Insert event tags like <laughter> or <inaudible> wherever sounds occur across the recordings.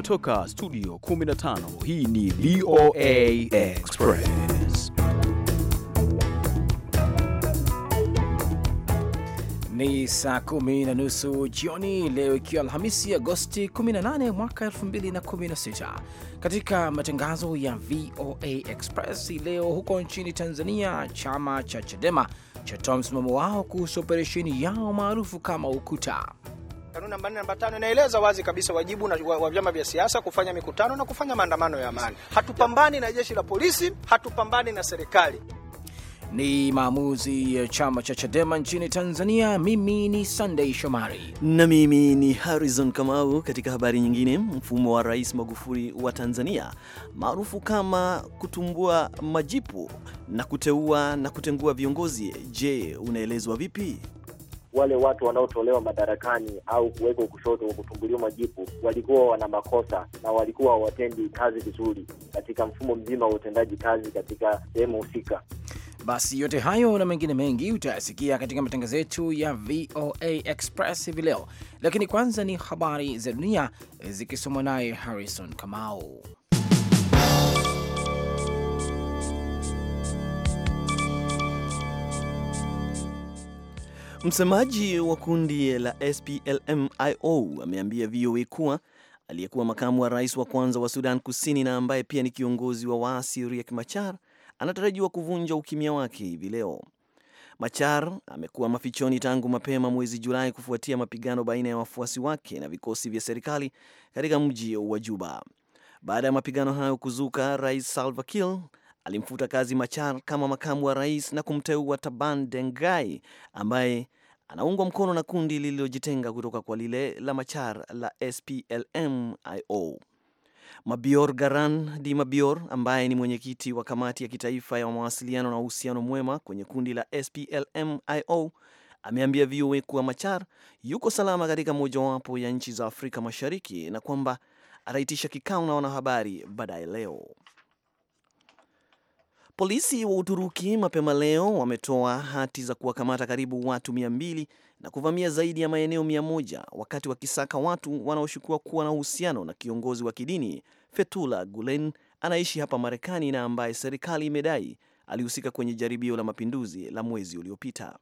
kutoka studio 15 hii ni VOA Express ni saa kumi na nusu jioni leo ikiwa Alhamisi Agosti 18 mwaka 2016 katika matangazo ya VOA Express leo huko nchini Tanzania chama cha Chadema chatoa msimamo wao kuhusu operesheni yao maarufu kama Ukuta Kanuni namba 4 namba 5 inaeleza wazi kabisa wajibu na wa vyama vya siasa kufanya mikutano na kufanya maandamano ya amani. Hatupambani na jeshi la polisi, hatupambani na serikali. Ni maamuzi ya chama cha Chadema nchini Tanzania. Mimi ni Sunday Shomari na mimi ni Harrison Kamau. Katika habari nyingine, mfumo wa Rais Magufuli wa Tanzania maarufu kama kutumbua majipu na kuteua na kutengua viongozi, je, unaelezwa vipi? wale watu wanaotolewa madarakani au kuwekwa kushoto kwa kutumbuliwa majipu walikuwa wana makosa na walikuwa hawatendi kazi vizuri katika mfumo mzima wa utendaji kazi katika sehemu husika. Basi yote hayo na mengine mengi utayasikia katika matangazo yetu ya VOA Express hivi leo, lakini kwanza ni habari za dunia eh, zikisomwa naye Harrison Kamau. Msemaji wa kundi la splmio ameambia VOA kuwa aliyekuwa makamu wa rais wa kwanza wa Sudan Kusini na ambaye pia ni kiongozi wa waasi Riek Machar anatarajiwa kuvunja ukimya wake hivi leo. Machar amekuwa mafichoni tangu mapema mwezi Julai kufuatia mapigano baina ya wafuasi wake na vikosi vya serikali katika mji wa Juba. Baada ya mapigano hayo kuzuka, Rais Salva Kiir alimfuta kazi Machar kama makamu wa rais na kumteua Taban Dengai ambaye anaungwa mkono na kundi lililojitenga kutoka kwa lile la Machar la splmio Mabior Garan Di Mabior ambaye ni mwenyekiti wa kamati ya kitaifa ya mawasiliano na uhusiano mwema kwenye kundi la splmio ameambia VOA kuwa Machar yuko salama katika mojawapo ya nchi za Afrika Mashariki na kwamba ataitisha kikao na wanahabari baadaye leo. Polisi wa Uturuki mapema leo wametoa hati za kuwakamata karibu watu 200 na kuvamia zaidi ya maeneo 100 wakati wakisaka watu wanaoshukiwa kuwa na uhusiano na kiongozi wa kidini fetula Gulen anaishi hapa Marekani na ambaye serikali imedai alihusika kwenye jaribio la mapinduzi la mwezi uliopita.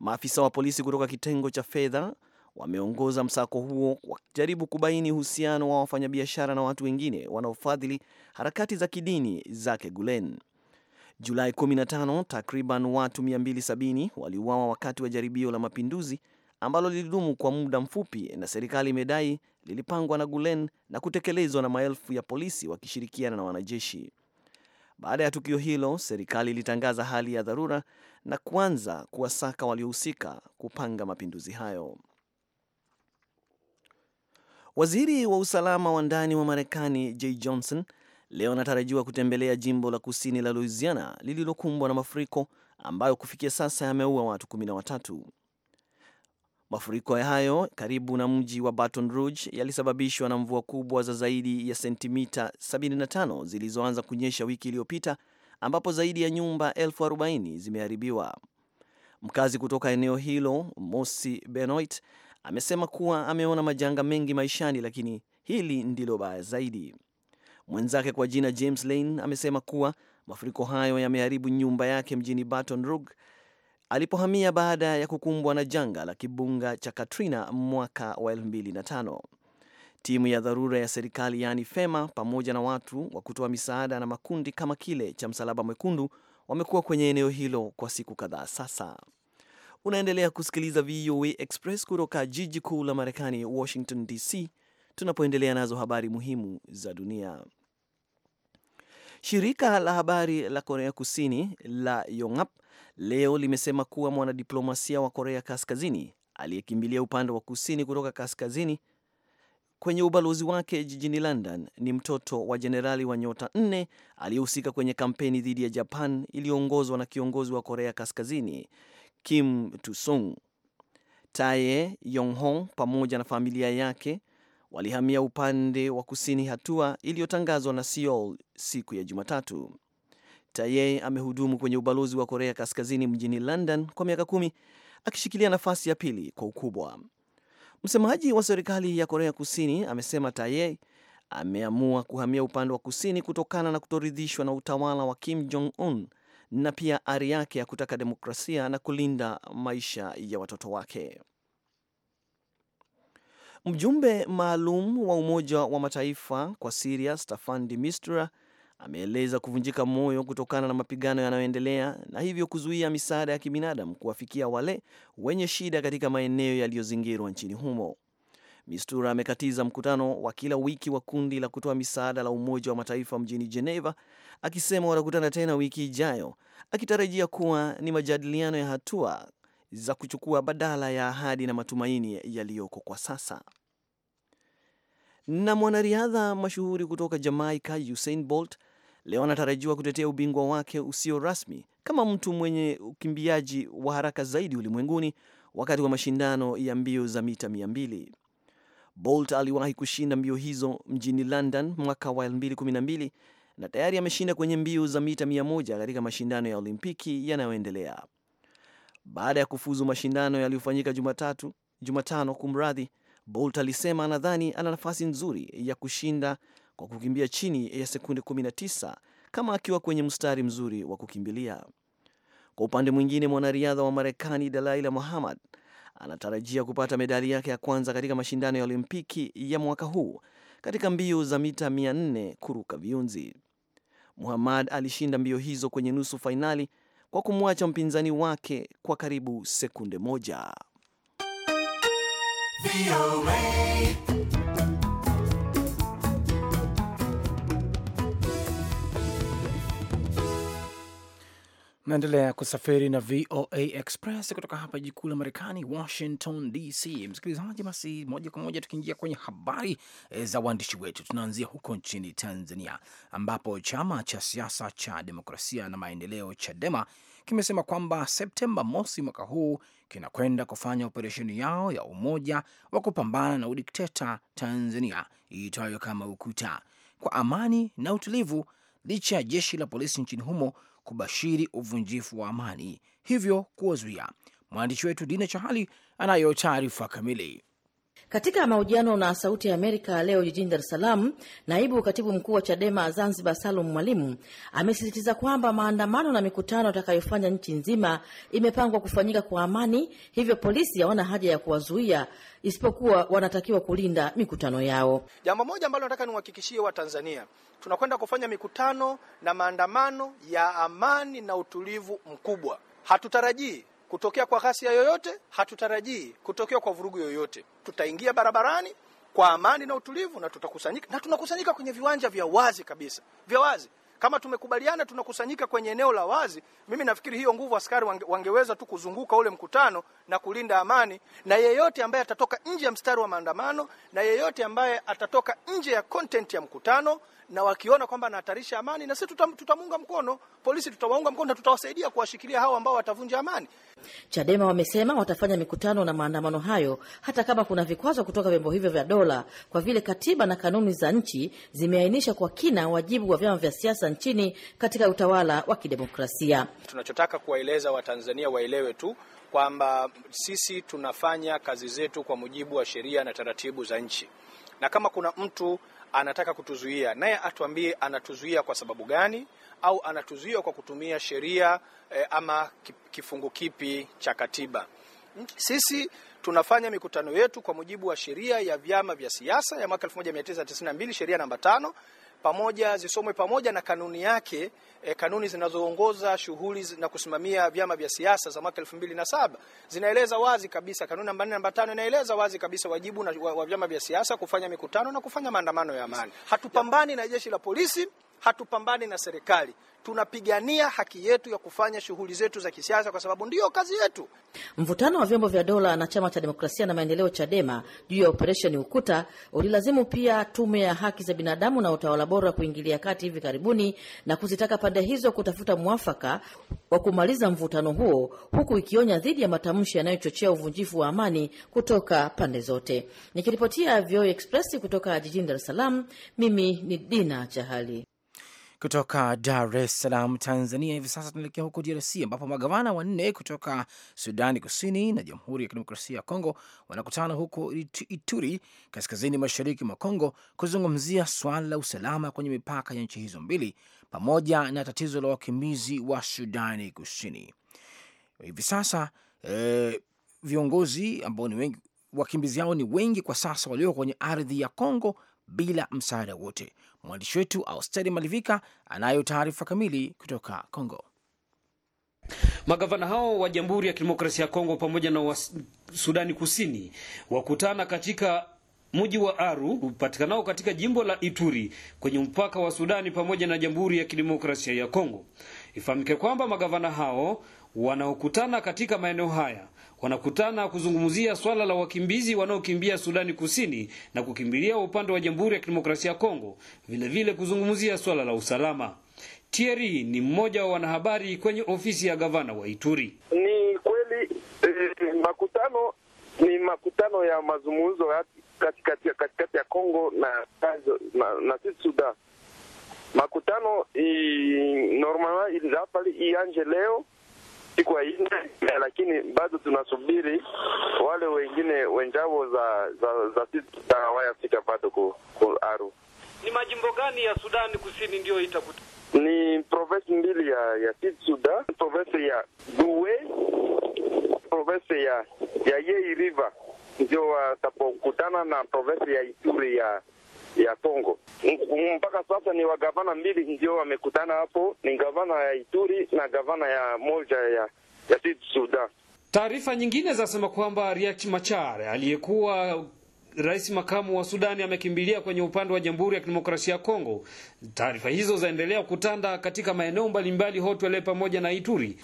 Maafisa wa polisi kutoka kitengo cha fedha wameongoza msako huo wakijaribu kubaini uhusiano wa wafanyabiashara na watu wengine wanaofadhili harakati za kidini zake Gulen. Julai 15 takriban watu 270 waliuawa wakati wa jaribio la mapinduzi ambalo lilidumu kwa muda mfupi na serikali imedai lilipangwa na Gulen na kutekelezwa na maelfu ya polisi wakishirikiana na wanajeshi. Baada ya tukio hilo, serikali ilitangaza hali ya dharura na kuanza kuwasaka waliohusika kupanga mapinduzi hayo. Waziri wa usalama wa ndani wa Marekani Jay Johnson leo anatarajiwa kutembelea jimbo la kusini la Louisiana lililokumbwa na mafuriko ambayo kufikia sasa yameua watu kumi na watatu. Mafuriko hayo karibu na mji wa Baton Rouge yalisababishwa na mvua kubwa za zaidi ya sentimita 75 zilizoanza kunyesha wiki iliyopita ambapo zaidi ya nyumba elfu arobaini zimeharibiwa. Mkazi kutoka eneo hilo Mosi Benoit amesema kuwa ameona majanga mengi maishani, lakini hili ndilo baya zaidi. Mwenzake kwa jina James Lane amesema kuwa mafuriko hayo yameharibu nyumba yake mjini Baton Rouge alipohamia baada ya kukumbwa na janga la kibunga cha Katrina mwaka wa 2005. Timu ya dharura ya serikali yaani FEMA pamoja na watu wa kutoa misaada na makundi kama kile cha Msalaba Mwekundu wamekuwa kwenye eneo hilo kwa siku kadhaa sasa. Unaendelea kusikiliza VOA Express kutoka jiji kuu la Marekani, Washington DC, tunapoendelea nazo habari muhimu za dunia. Shirika la habari la Korea Kusini la Yonhap leo limesema kuwa mwanadiplomasia wa Korea Kaskazini aliyekimbilia upande wa kusini kutoka kaskazini kwenye ubalozi wake jijini London ni mtoto wa jenerali wa nyota nne aliyehusika kwenye kampeni dhidi ya Japan iliyoongozwa na kiongozi wa Korea Kaskazini Kim Tusung. Tae Yonghong pamoja na familia yake walihamia upande wa kusini, hatua iliyotangazwa na Seoul siku ya Jumatatu. Tae amehudumu kwenye ubalozi wa Korea Kaskazini mjini London kwa miaka kumi akishikilia nafasi ya pili kwa ukubwa. Msemaji wa serikali ya Korea Kusini amesema Tae ameamua kuhamia upande wa kusini kutokana na kutoridhishwa na utawala wa Kim Jong Un na pia ari yake ya kutaka demokrasia na kulinda maisha ya watoto wake. Mjumbe maalum wa Umoja wa Mataifa kwa Siria Staffan de Mistura ameeleza kuvunjika moyo kutokana na mapigano yanayoendelea na hivyo kuzuia misaada ya kibinadamu kuwafikia wale wenye shida katika maeneo yaliyozingirwa nchini humo. Mistura amekatiza mkutano wa kila wiki wa kundi la kutoa misaada la Umoja wa Mataifa mjini Geneva, akisema watakutana tena wiki ijayo, akitarajia kuwa ni majadiliano ya hatua za kuchukua badala ya ahadi na matumaini yaliyoko kwa sasa. Na mwanariadha mashuhuri kutoka Jamaica Usain Bolt leo anatarajiwa kutetea ubingwa wake usio rasmi kama mtu mwenye ukimbiaji wa haraka zaidi ulimwenguni wakati wa mashindano ya mbio za mita 200. Bolt aliwahi kushinda mbio hizo mjini London mwaka wa 2012 na tayari ameshinda kwenye mbio za mita 100 katika mashindano ya Olimpiki yanayoendelea. Baada ya kufuzu mashindano yaliyofanyika Jumatatu, Jumatano kumradhi, Bolt alisema anadhani ana nafasi nzuri ya kushinda kwa kukimbia chini ya sekunde 19 kama akiwa kwenye mstari mzuri wa kukimbilia. Kwa upande mwingine, mwanariadha wa Marekani Dalaila Muhammad anatarajia kupata medali yake ya kwanza katika mashindano ya Olimpiki ya mwaka huu katika mbio za mita 400 kuruka viunzi. Muhammad alishinda mbio hizo kwenye nusu fainali kwa kumwacha mpinzani wake kwa karibu sekunde moja. Naendelea kusafiri na VOA Express kutoka hapa jiji kuu la Marekani, Washington DC. Msikilizaji, basi moja kwa moja tukiingia kwenye habari eh, za waandishi wetu, tunaanzia huko nchini Tanzania ambapo chama cha siasa cha demokrasia na maendeleo CHADEMA kimesema kwamba Septemba mosi mwaka huu kinakwenda kufanya operesheni yao ya umoja wa kupambana na udikteta Tanzania iitwayo kama UKUTA kwa amani na utulivu, licha ya jeshi la polisi nchini humo kubashiri uvunjifu wa amani, hivyo kuwazuia. Mwandishi wetu Dina Chahali anayo taarifa kamili. Katika mahojiano na Sauti ya Amerika leo jijini Dar es Salaam, naibu katibu mkuu wa CHADEMA Zanzibar Salum Mwalimu amesisitiza kwamba maandamano na mikutano atakayofanya nchi nzima imepangwa kufanyika kwa amani, hivyo polisi hawana haja ya kuwazuia, isipokuwa wanatakiwa kulinda mikutano yao. Jambo moja ambalo nataka niwahakikishie Watanzania, tunakwenda kufanya mikutano na maandamano ya amani na utulivu mkubwa. Hatutarajii kutokea kwa ghasia yoyote, hatutarajii kutokea kwa vurugu yoyote. Tutaingia barabarani kwa amani na utulivu, na tutakusanyika na tunakusanyika kwenye viwanja vya wazi kabisa, vya wazi kama tumekubaliana tunakusanyika kwenye eneo la wazi. Mimi nafikiri hiyo nguvu askari wange, wangeweza tu kuzunguka ule mkutano na kulinda amani, na yeyote ambaye atatoka nje ya mstari wa maandamano na yeyote ambaye atatoka nje ya content ya mkutano na wakiona kwamba anahatarisha amani, na sisi tutam, tutamuunga mkono polisi, tutawaunga mkono na tutawasaidia kuwashikilia hao ambao watavunja amani. Chadema wamesema watafanya mikutano na maandamano hayo hata kama kuna vikwazo kutoka vyombo hivyo vya dola, kwa vile katiba na kanuni za nchi zimeainisha kwa kina wajibu wa vyama vya siasa nchini katika utawala wa kidemokrasia. Tunachotaka kuwaeleza Watanzania waelewe tu kwamba sisi tunafanya kazi zetu kwa mujibu wa sheria na taratibu za nchi, na kama kuna mtu anataka kutuzuia, naye atuambie anatuzuia kwa sababu gani, au anatuzuia kwa kutumia sheria e, ama kifungu kipi cha katiba. Sisi tunafanya mikutano yetu kwa mujibu wa sheria ya vyama vya siasa ya mwaka 1992 sheria namba tano pamoja zisomwe pamoja na kanuni yake e, kanuni zinazoongoza shughuli na kusimamia vyama vya siasa za mwaka saba zinaeleza wazi kabisa, kanuni namba namba tano inaeleza wazi kabisa wajibu na, wa, wa vyama vya siasa kufanya mikutano na kufanya maandamano ya amani. Hatupambani na jeshi la polisi hatupambani na serikali, tunapigania haki yetu ya kufanya shughuli zetu za kisiasa kwa sababu ndiyo kazi yetu. Mvutano wa vyombo vya dola na chama cha demokrasia na maendeleo CHADEMA juu ya operesheni Ukuta ulilazimu pia tume ya haki za binadamu na utawala bora kuingilia kati hivi karibuni na kuzitaka pande hizo kutafuta mwafaka wa kumaliza mvutano huo, huku ikionya dhidi ya matamshi yanayochochea uvunjifu wa amani kutoka pande zote. Nikiripotia VOA Express kutoka jijini Dar es Salaam, mimi ni Dina Chahali kutoka Dar es Salaam, Tanzania. Hivi sasa tunaelekea huko DRC ambapo magavana wanne kutoka Sudani Kusini na Jamhuri ya Kidemokrasia ya Kongo wanakutana huko Ituri, kaskazini mashariki mwa Kongo, kuzungumzia swala la usalama kwenye mipaka ya nchi hizo mbili pamoja na tatizo la wakimbizi wa Sudani Kusini. Hivi sasa e, viongozi ambao ni wengi wakimbizi hao ni wengi kwa sasa walioko kwenye ardhi ya Kongo bila msaada wote. Mwandishi wetu Austeri Malivika anayo taarifa kamili kutoka Kongo. Magavana hao wa Jamhuri ya Kidemokrasia ya Kongo pamoja na wa Sudani Kusini wakutana katika mji wa Aru upatikanao katika jimbo la Ituri kwenye mpaka wa Sudani pamoja na Jamhuri ya Kidemokrasia ya Kongo. Ifahamike kwamba magavana hao wanaokutana katika maeneo haya wanakutana kuzungumzia swala la wakimbizi wanaokimbia Sudani Kusini na kukimbilia upande wa Jamhuri ya Kidemokrasia ya Kongo, vilevile kuzungumzia swala la usalama. Thierry ni mmoja wa wanahabari kwenye ofisi ya gavana wa Ituri. Ni kweli eh, makutano ni makutano ya mazungumzo katikati katikati ya Kongo na na, na sisi Sudan. Makutano normal ilizapali ianje leo siku nne, lakini bado tunasubiri wale wengine wenjao za za za za wayafika bado ku, ku aru. Ni majimbo gani ya Sudani Kusini ndio itakuta? Ni province mbili ya ya Sud Sudan, province ya Duwe, province ya ya Yei River ndio watapokutana na province ya Ituri ya ya Kongo. Mpaka sasa ni wagavana mbili ndio wamekutana hapo, ni gavana ya Ituri na gavana ya moja ya, ya Sud Sudan. Taarifa nyingine zasema kwamba Riek Machar aliyekuwa rais makamu wa Sudani amekimbilia kwenye upande wa Jamhuri ya Kidemokrasia ya Kongo. Taarifa hizo zaendelea kutanda katika maeneo mbalimbali Hotwele pamoja na Ituri.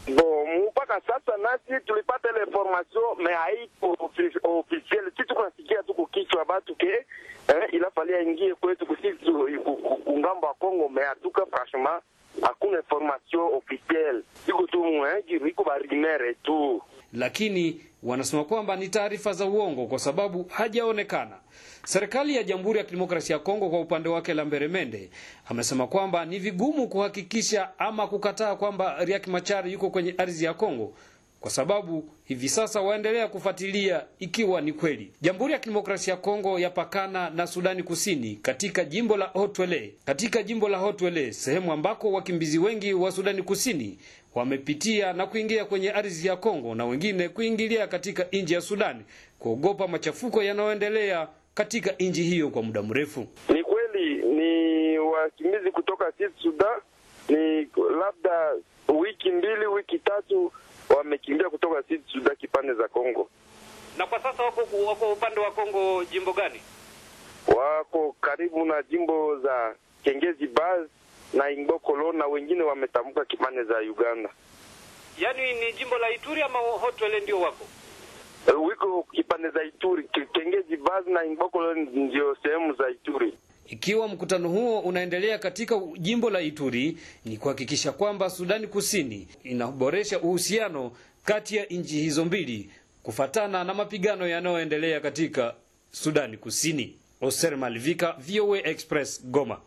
Mpaka sasa nasi tulipata ile information me haiko officiel, si tukasikia tuko kichwa batu ke eh, ilafali aingie kwetu kungamba wa Kongo meatuka franchement hakuna information officielle iko tu mwengi eh, iko barimere tu, lakini wanasema kwamba ni taarifa za uongo kwa sababu hajaonekana. Serikali ya Jamhuri ya Kidemokrasia ya Kongo kwa upande wake, la Mende amesema kwamba ni vigumu kuhakikisha ama kukataa kwamba Riek Machar yuko kwenye ardhi ya Kongo kwa sababu hivi sasa waendelea kufuatilia ikiwa ni kweli. Jamhuri ya Kidemokrasia ya Kongo yapakana na Sudani Kusini katika jimbo la Hotwele, katika jimbo la Hotwele, sehemu ambako wakimbizi wengi wa Sudani Kusini wamepitia na kuingia kwenye ardhi ya Kongo na wengine kuingilia katika nchi ya Sudani, kuogopa machafuko yanayoendelea katika nchi hiyo kwa muda mrefu. Ni kweli ni wakimbizi kutoka Sudan, ni labda wiki mbili, wiki tatu wamekimbia kutoka Sud Sudaki pande za Kongo. Na kwa sasa wako, wako upande wa Kongo jimbo gani? Wako karibu na jimbo za Kengezi Baz na Ingokolo na wengine wametambuka kipande za Uganda. Yaani ni jimbo la Ituri ama Hotwele ndio wako? Wiko kipande za Ituri, Kengezi Baz na Ingokolo ndio sehemu za Ituri. Ikiwa mkutano huo unaendelea katika jimbo la Ituri, ni kuhakikisha kwamba Sudani Kusini inaboresha uhusiano kati ya nchi hizo mbili kufatana na mapigano yanayoendelea katika Sudani Kusini. Oser Malivika, VOA Express, Goma.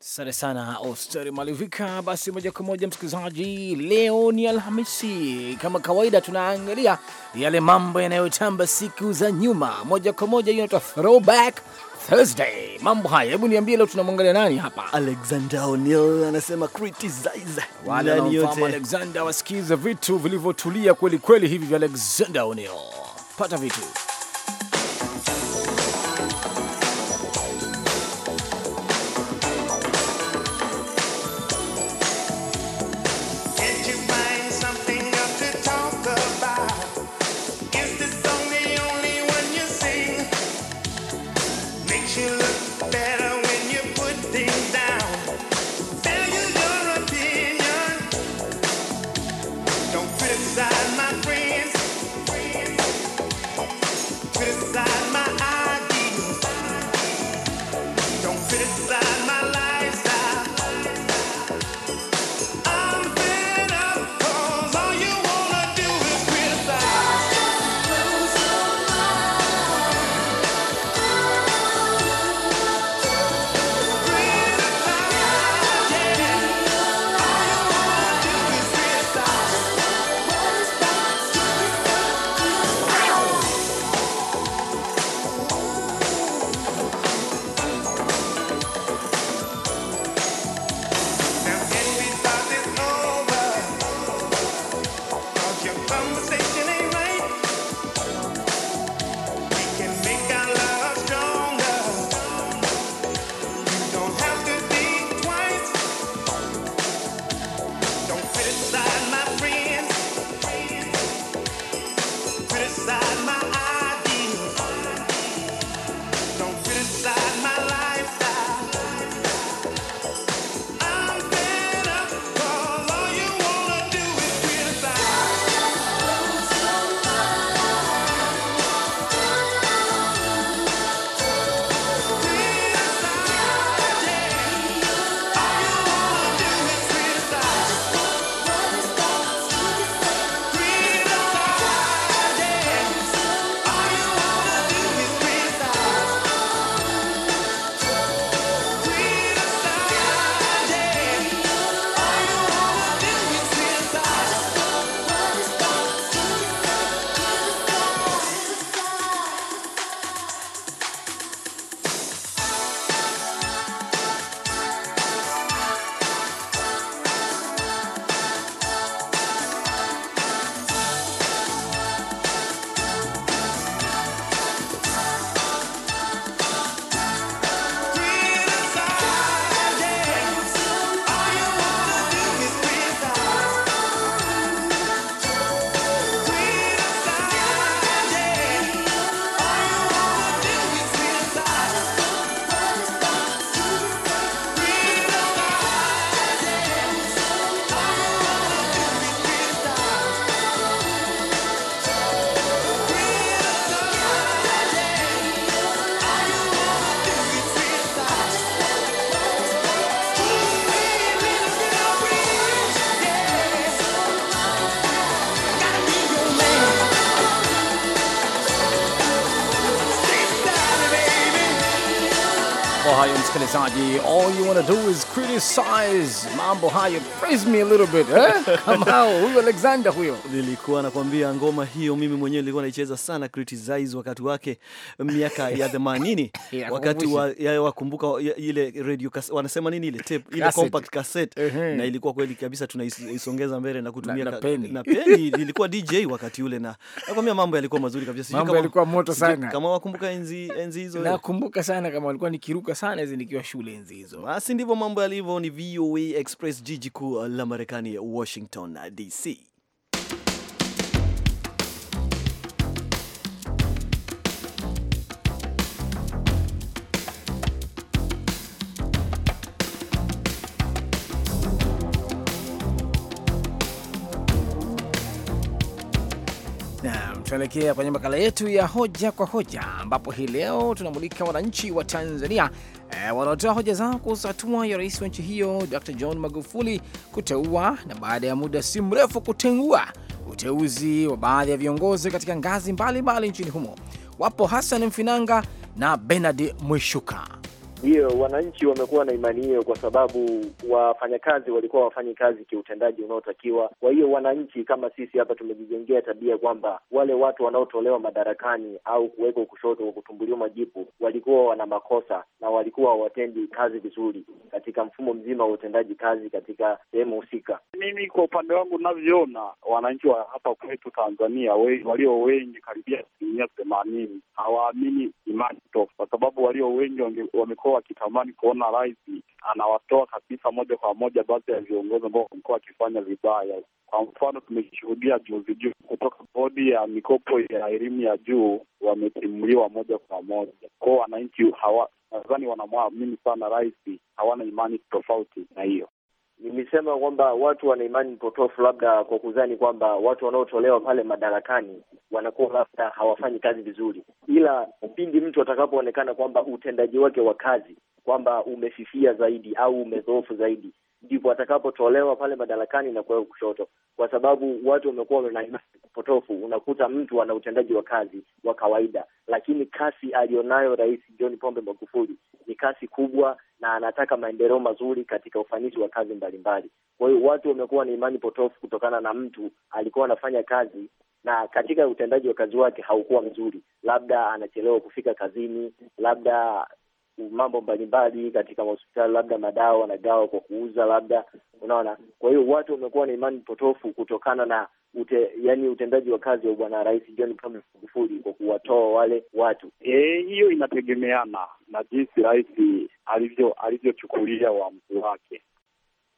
Asante sana oster Malivika. Basi moja kwa moja, msikilizaji, leo ni Alhamisi. Kama kawaida, tunaangalia yale mambo yanayotamba siku za nyuma. Moja kwa moja, hiyo inaitwa throwback Thursday. Mambo haya, hebu niambie, leo tunamwangalia nani hapa? Alexander O'Neil anasema criticize wale yote. Alexander, wasikize vitu vilivyotulia kweli kweli hivi vya Alexander O'Neil. Pata vitu All You Wanna Do Is Criticize. Mambo, how you praise me a little bit, eh? <laughs> Kamao huyo Alexander huyo, nilikuwa nakwambia ngoma hiyo mimi mwenyewe nilikuwa naicheza sana criticize wakati wake miaka ya 80 <laughs> wakati wa wakumbuka ile radio wanasema nini ile tape ile compact cassette, na ilikuwa kweli kabisa tunaisongeza mbele na kutumia na peni. <laughs> Nilikuwa DJ wakati ule, na nakwambia mambo yalikuwa mazuri kabisa, kama yalikuwa moto sana. Kama wakumbuka enzi enzi hizo, nakumbuka sana kama walikuwa nikiruka sana hizo nikiwa shule enzi hizo. Basi ndivyo mambo yalivyo. Ni VOA Express, jiji kuu la Marekani, Washington. Washington uh, DC. Tunaelekea kwenye makala yetu ya hoja kwa hoja, ambapo hii leo tunamulika wananchi wa Tanzania eh, wanaotoa hoja zao kuhusu hatua ya rais wa nchi hiyo Dr. John Magufuli kuteua na baada ya muda si mrefu kutengua uteuzi wa baadhi ya viongozi katika ngazi mbalimbali mbali nchini humo. Wapo Hassan Mfinanga na Benard Mwishuka. Ndiyo, wananchi wamekuwa na imani hiyo, kwa sababu wafanyakazi walikuwa wafanyi kazi kiutendaji unaotakiwa. Kwa hiyo wananchi kama sisi hapa tumejijengea tabia kwamba wale watu wanaotolewa madarakani au kuwekwa kushoto kwa kutumbuliwa majipu walikuwa wana makosa na walikuwa hawatendi kazi vizuri katika mfumo mzima wa utendaji kazi katika sehemu husika. Mimi kwa upande wangu ninavyoona, wananchi wa hapa kwetu Tanzania we, walio wengi karibia asilimia themanini hawaamini imani tofauti, kwa sababu walio wengi wamekuwa mkoa akitamani kuona rais anawatoa kabisa moja kwa moja baadhi ya viongozi ambao wamekuwa wakifanya vibaya. Kwa mfano, tumeshuhudia juzi juu kutoka bodi ya mikopo ya elimu ya juu wametimuliwa moja kwa moja kwao. Wananchi hawa nadhani wanamwamini sana rais, hawana imani tofauti na hiyo nilisema kwamba watu wana imani potofu, labda kwa kudhani kwamba watu wanaotolewa pale madarakani wanakuwa labda hawafanyi kazi vizuri, ila pindi mtu atakapoonekana kwamba utendaji wake wa kazi kwamba umefifia zaidi au umedhoofu zaidi, ndipo atakapotolewa pale madarakani na kuweka kushoto, kwa sababu watu wamekuwa wana imani potofu. Unakuta mtu ana utendaji wa kazi wa kawaida, lakini kasi aliyonayo Rais John Pombe Magufuli ni kasi kubwa, na anataka maendeleo mazuri katika ufanisi wa kazi mbalimbali. Kwa hiyo watu wamekuwa na imani potofu kutokana na mtu alikuwa anafanya kazi na katika utendaji wa kazi wake haukuwa mzuri, labda anachelewa kufika kazini, labda mambo mbalimbali katika mahospitali, labda madawa na dawa kwa kuuza, labda unaona. Kwa hiyo watu wamekuwa na imani potofu kutokana na ute, yani utendaji wa kazi wa Bwana Rais John Pombe Magufuli kwa kuwatoa wale watu e, hiyo inategemeana na jinsi rais alivyo alivyochukulia uamuzi wake.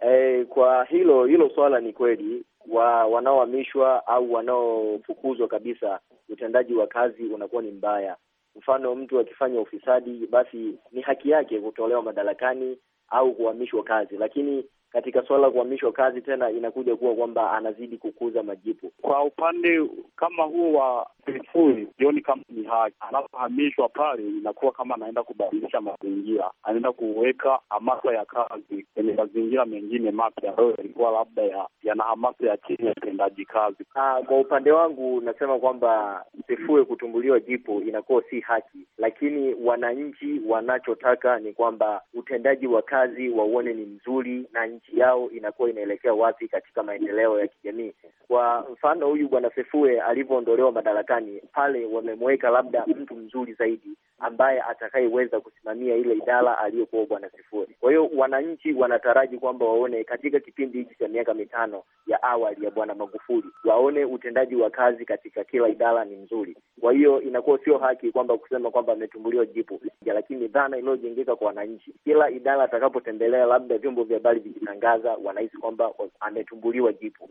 E, kwa hilo hilo swala ni kweli wa wanaohamishwa au wanaofukuzwa kabisa, utendaji wa kazi unakuwa ni mbaya Mfano, mtu akifanya ufisadi, basi ni haki yake kutolewa madarakani au kuhamishwa kazi, lakini katika suala la kuhamishwa kazi tena inakuja kuwa kwamba anazidi kukuza majipu kwa upande kama huo wa Magufuli jioni kama ni haki, anapohamishwa pale inakuwa kama anaenda kubadilisha mazingira, anaenda kuweka hamasa ya kazi kwenye mazingira mengine mapya ambayo yalikuwa labda yana hamasa ya chini ya utendaji kazi. Ah, kwa upande wangu nasema kwamba Sefue kutumbuliwa jipo inakuwa si haki, lakini wananchi wanachotaka ni kwamba utendaji wa kazi wauone ni mzuri na nchi yao inakuwa inaelekea wapi katika maendeleo ya kijamii. Kwa mfano, huyu bwana Sefue alivyoondolewa madaraka madarakani pale wamemweka labda mtu mzuri zaidi ambaye atakayeweza kusimamia ile idara aliyokuwa Bwana Sifuri. Kwa hiyo wananchi wanataraji kwamba waone katika kipindi hiki cha miaka mitano ya awali ya Bwana Magufuli, waone utendaji wa kazi katika kila idara ni mzuri. Kwa hiyo inakuwa sio haki kwamba kusema kwamba ametumbuliwa jipu, lakini dhana iliyojengeka kwa wananchi, kila idara atakapotembelea, labda vyombo vya habari vikitangaza, wanahisi kwamba ametumbuliwa jipu.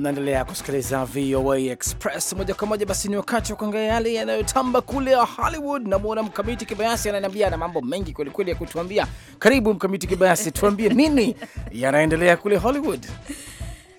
mnaendelea kusikiliza VOA Express moja kwa moja. Basi ni wakati wa kuangalia yale yanayotamba kule ya Hollywood. Namwona Mkamiti Kibayasi ananiambia na mambo mengi kwelikweli ya kutuambia. Karibu Mkamiti Kibayasi, tuambie nini <laughs> yanaendelea kule Hollywood.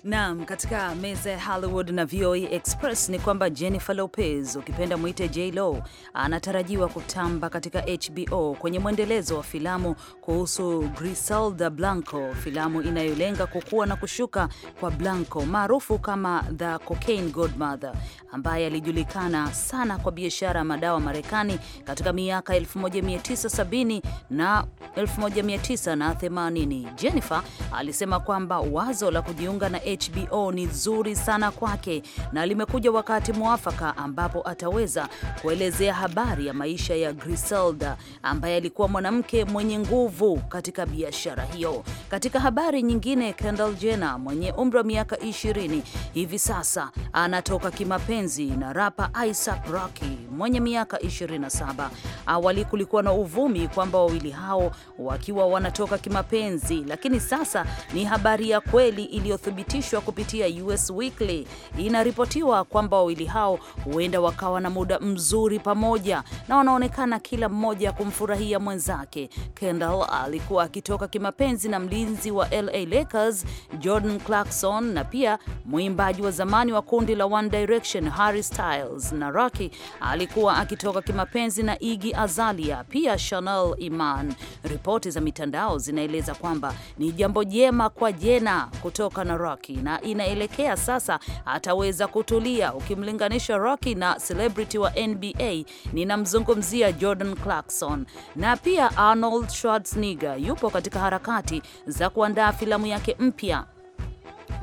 Naam, katika meza ya Hollywood na VOA e Express ni kwamba Jennifer Lopez, ukipenda mwite J-Lo, anatarajiwa kutamba katika HBO kwenye mwendelezo wa filamu kuhusu Griselda Blanco, filamu inayolenga kukua na kushuka kwa Blanco maarufu kama The Cocaine Godmother, ambaye alijulikana sana kwa biashara ya madawa Marekani katika miaka 1970 na 1980. Jennifer alisema kwamba wazo la kujiunga na HBO ni zuri sana kwake na limekuja wakati mwafaka ambapo ataweza kuelezea habari ya maisha ya Griselda ambaye alikuwa mwanamke mwenye nguvu katika biashara hiyo. Katika habari nyingine, Kendall Jenner mwenye umri wa miaka 20 hivi sasa anatoka kimapenzi na rapa Isaac Rocky mwenye miaka 27. Awali kulikuwa na uvumi kwamba wawili hao wakiwa wanatoka kimapenzi, lakini sasa ni habari ya kweli iliyothibitishwa iliyochapishwa kupitia US Weekly, inaripotiwa kwamba wawili hao huenda wakawa na muda mzuri pamoja na wanaonekana kila mmoja kumfurahia mwenzake. Kendall alikuwa akitoka kimapenzi na mlinzi wa LA Lakers Jordan Clarkson na pia mwimbaji wa zamani wa kundi la One Direction Harry Styles, na Rocky alikuwa akitoka kimapenzi na Iggy Azalea, pia Chanel Iman. Ripoti za mitandao zinaeleza kwamba ni jambo jema kwa Jena kutoka na Rocky. Rocky na inaelekea sasa ataweza kutulia. Ukimlinganisha Rocky na celebrity wa NBA, ninamzungumzia Jordan Clarkson. Na pia Arnold Schwarzenegger yupo katika harakati za kuandaa filamu yake mpya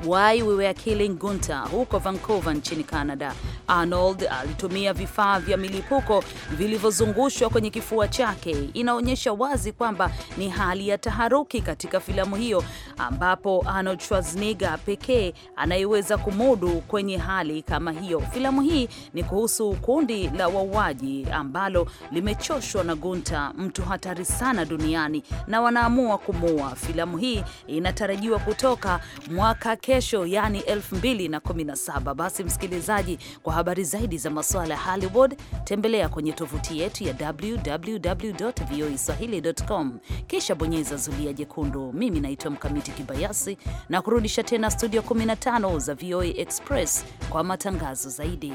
Why We Were Killing Gunther huko Vancouver nchini Canada. Arnold alitumia vifaa vya milipuko vilivyozungushwa kwenye kifua chake. Inaonyesha wazi kwamba ni hali ya taharuki katika filamu hiyo, ambapo Arnold Schwarzenegger pekee anayeweza kumudu kwenye hali kama hiyo. Filamu hii ni kuhusu kundi la wauaji ambalo limechoshwa na Gunther, mtu hatari sana duniani, na wanaamua kumuua. Filamu hii inatarajiwa kutoka mwaka kesho, yani 2017. Basi msikilizaji, kwa habari zaidi za masuala ya Hollywood tembelea kwenye tovuti yetu ya www swahilicom kisha bonyeza zulia jekundu. Mimi naitwa Mkamiti Kibayasi na kurudisha tena studio 15 za VOA Express kwa matangazo zaidi.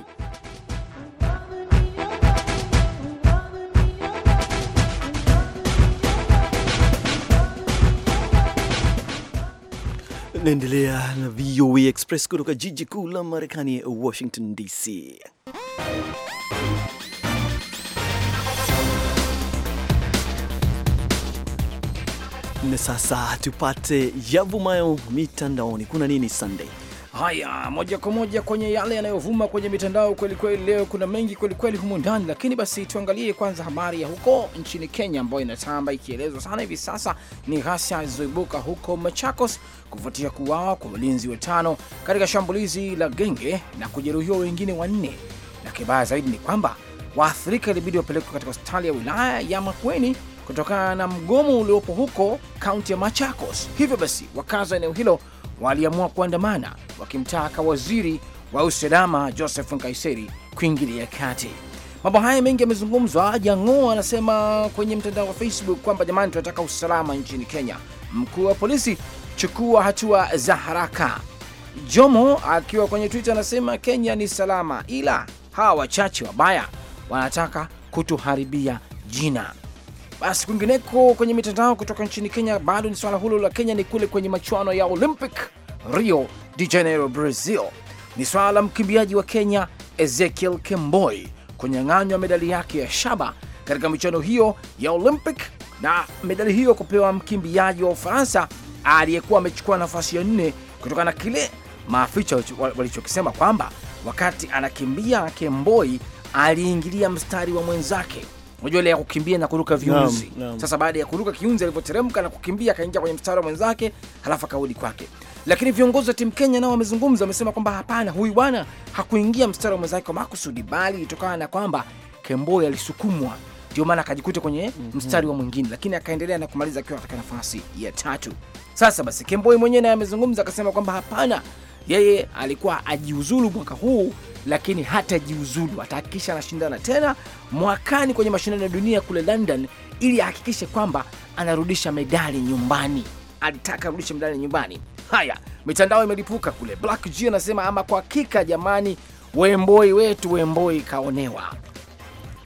Naendelea na VOA Express kutoka jiji kuu la Marekani, Washington DC. Na sasa tupate yavumayo mitandaoni. Kuna nini Sunday? Haya, moja kwa moja kwenye yale yanayovuma kwenye mitandao kwelikweli. Leo kuna mengi kwelikweli humu ndani, lakini basi tuangalie kwanza habari ya huko nchini Kenya ambayo inatamba ikielezwa sana hivi sasa ni ghasia zilizoibuka huko Machakos kufuatia kuuawa kwa walinzi watano katika shambulizi la genge na kujeruhiwa wengine wanne, na kibaya zaidi ni kwamba waathirika ilibidi wapelekwa katika hospitali ya wilaya ya Makueni kutokana na mgomo uliopo huko kaunti ya Machakos. Hivyo basi wakazi wa eneo hilo waliamua kuandamana wakimtaka waziri wa usalama Joseph Nkaiseri kuingilia kati. Mambo haya mengi yamezungumzwa. Jang'o anasema kwenye mtandao wa Facebook kwamba jamani, tunataka usalama nchini Kenya, mkuu wa polisi chukua hatua za haraka. Jomo akiwa kwenye Twitter anasema Kenya ni salama, ila hawa wachache wabaya wanataka kutuharibia jina. Basi kwingineko kwenye mitandao kutoka nchini Kenya, bado ni swala hulo la Kenya, ni kule kwenye machuano ya Olympic Rio de Janeiro, Brazil. Ni swala la mkimbiaji wa Kenya Ezekiel Kemboi kunyang'anywa medali yake ya shaba katika michuano hiyo ya Olympic, na medali hiyo kupewa mkimbiaji wa Ufaransa aliyekuwa amechukua nafasi ya nne kutokana na kile maaficha walichokisema kwamba wakati anakimbia Kemboi aliingilia mstari wa mwenzake unajua ile ya kukimbia na kuruka viunzi Sasa baada ya kuruka kiunzi alivyoteremka na kukimbia akaingia kwenye mstari wa mwenzake halafu akarudi kwake. Lakini viongozi wa timu Kenya nao wamezungumza, wamesema kwamba hapana, huyu bwana hakuingia mstari wa mwenzake kwa makusudi, bali ilitokana na kwamba Kemboi alisukumwa ndio maana akajikuta kwenye mhm. mstari wa mwingine, lakini akaendelea na kumaliza akiwa katika nafasi ya tatu. Sasa basi, Kemboi mwenyewe naye amezungumza akasema kwamba hapana, yeye alikuwa ajiuzulu mwaka huu lakini hata jiuzulu Atahakikisha anashindana tena mwakani kwenye mashindano ya dunia kule London ili ahakikishe kwamba anarudisha medali nyumbani. Alitaka arudishe medali nyumbani. Haya, mitandao imelipuka kule. Black G anasema ama kwa hakika jamani, Wemboi wetu Wemboi kaonewa.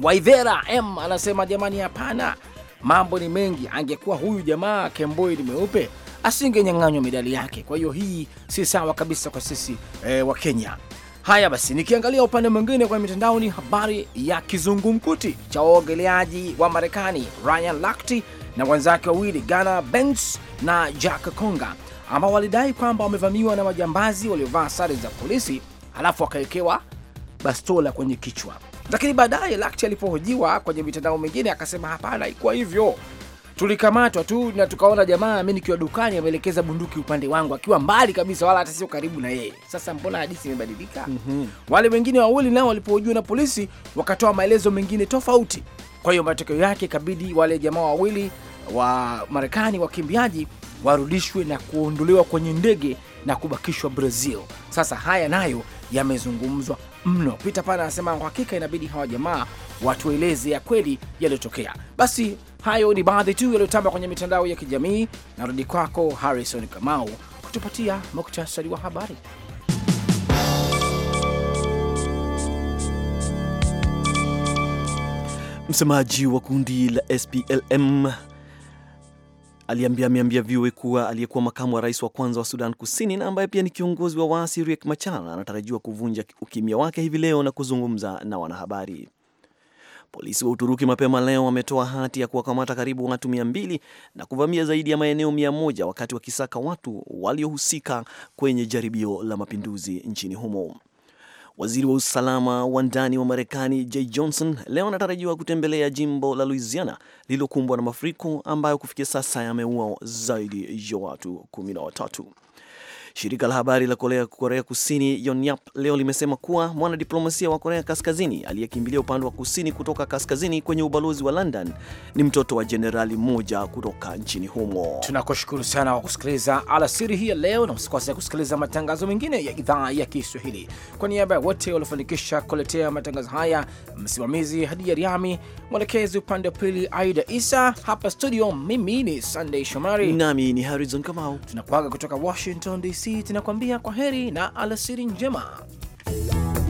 Waivera M anasema jamani, hapana, mambo ni mengi. Angekuwa huyu jamaa Kemboi ni mweupe asingenyang'anywa medali yake. Kwa hiyo hii si sawa kabisa kwa sisi e, wa Kenya. Haya basi, nikiangalia upande mwingine kwenye mitandao, ni habari ya kizungumkuti cha waogeleaji wa Marekani Ryan lakti na wenzake wawili Ghana Banks na Jack Konga ambao walidai kwamba wamevamiwa na majambazi waliovaa sare za polisi, halafu wakawekewa bastola kwenye kichwa. Lakini baadaye Lakti alipohojiwa kwenye mitandao mingine akasema hapana, haikuwa hivyo, tulikamatwa tu na tukaona jamaa, mimi nikiwa dukani ameelekeza bunduki upande wangu akiwa mbali kabisa, wala hata sio karibu na yeye. Sasa mbona hadithi imebadilika? mm -hmm. Wale wengine wawili nao walipojua na polisi wakatoa maelezo mengine tofauti. Kwa hiyo matokeo yake ikabidi wale jamaa wawili wa Marekani wakimbiaji warudishwe na kuondolewa kwenye ndege na kubakishwa Brazil. Sasa haya nayo yamezungumzwa mno. pita pana anasema hakika inabidi hawa jamaa watueleze ya kweli yaliyotokea. Basi Hayo ni baadhi tu yaliyotamba kwenye mitandao ya kijamii. Narudi kwako Harrison Kamau kutupatia muktasari wa habari. Msemaji wa kundi la SPLM aliambia ameambia VOA kuwa aliyekuwa makamu wa rais wa kwanza wa Sudan Kusini na ambaye pia ni kiongozi wa waasi Riek Machar anatarajiwa kuvunja ukimya wake hivi leo na kuzungumza na wanahabari. Polisi wa Uturuki mapema leo wametoa hati ya kuwakamata karibu watu mia mbili na kuvamia zaidi ya maeneo mia moja wakati wakisaka watu waliohusika kwenye jaribio la mapinduzi nchini humo. Waziri wa usalama wa ndani wa Marekani J Johnson leo anatarajiwa kutembelea jimbo la Louisiana lililokumbwa na mafuriko ambayo kufikia sasa yameua zaidi ya watu kumi na watatu. Shirika la habari la Korea, Korea Kusini Yonhap leo limesema kuwa mwanadiplomasia wa Korea Kaskazini aliyekimbilia upande wa kusini kutoka kaskazini kwenye ubalozi wa London ni mtoto wa jenerali mmoja kutoka nchini humo. Tunakushukuru sana kwa kusikiliza alasiri hii ya leo, na usikose kusikiliza matangazo mengine ya idhaa ya Kiswahili. Kwa niaba ya wote waliofanikisha kuletea matangazo haya, msimamizi Hadija Riami, mwelekezi upande wa pili Aida Isa, hapa studio mimi ni sandey Shomari nami ni Harrison Kamau, tunakuaga kutoka Washington DC basi tunakuambia kwa heri na alasiri njema.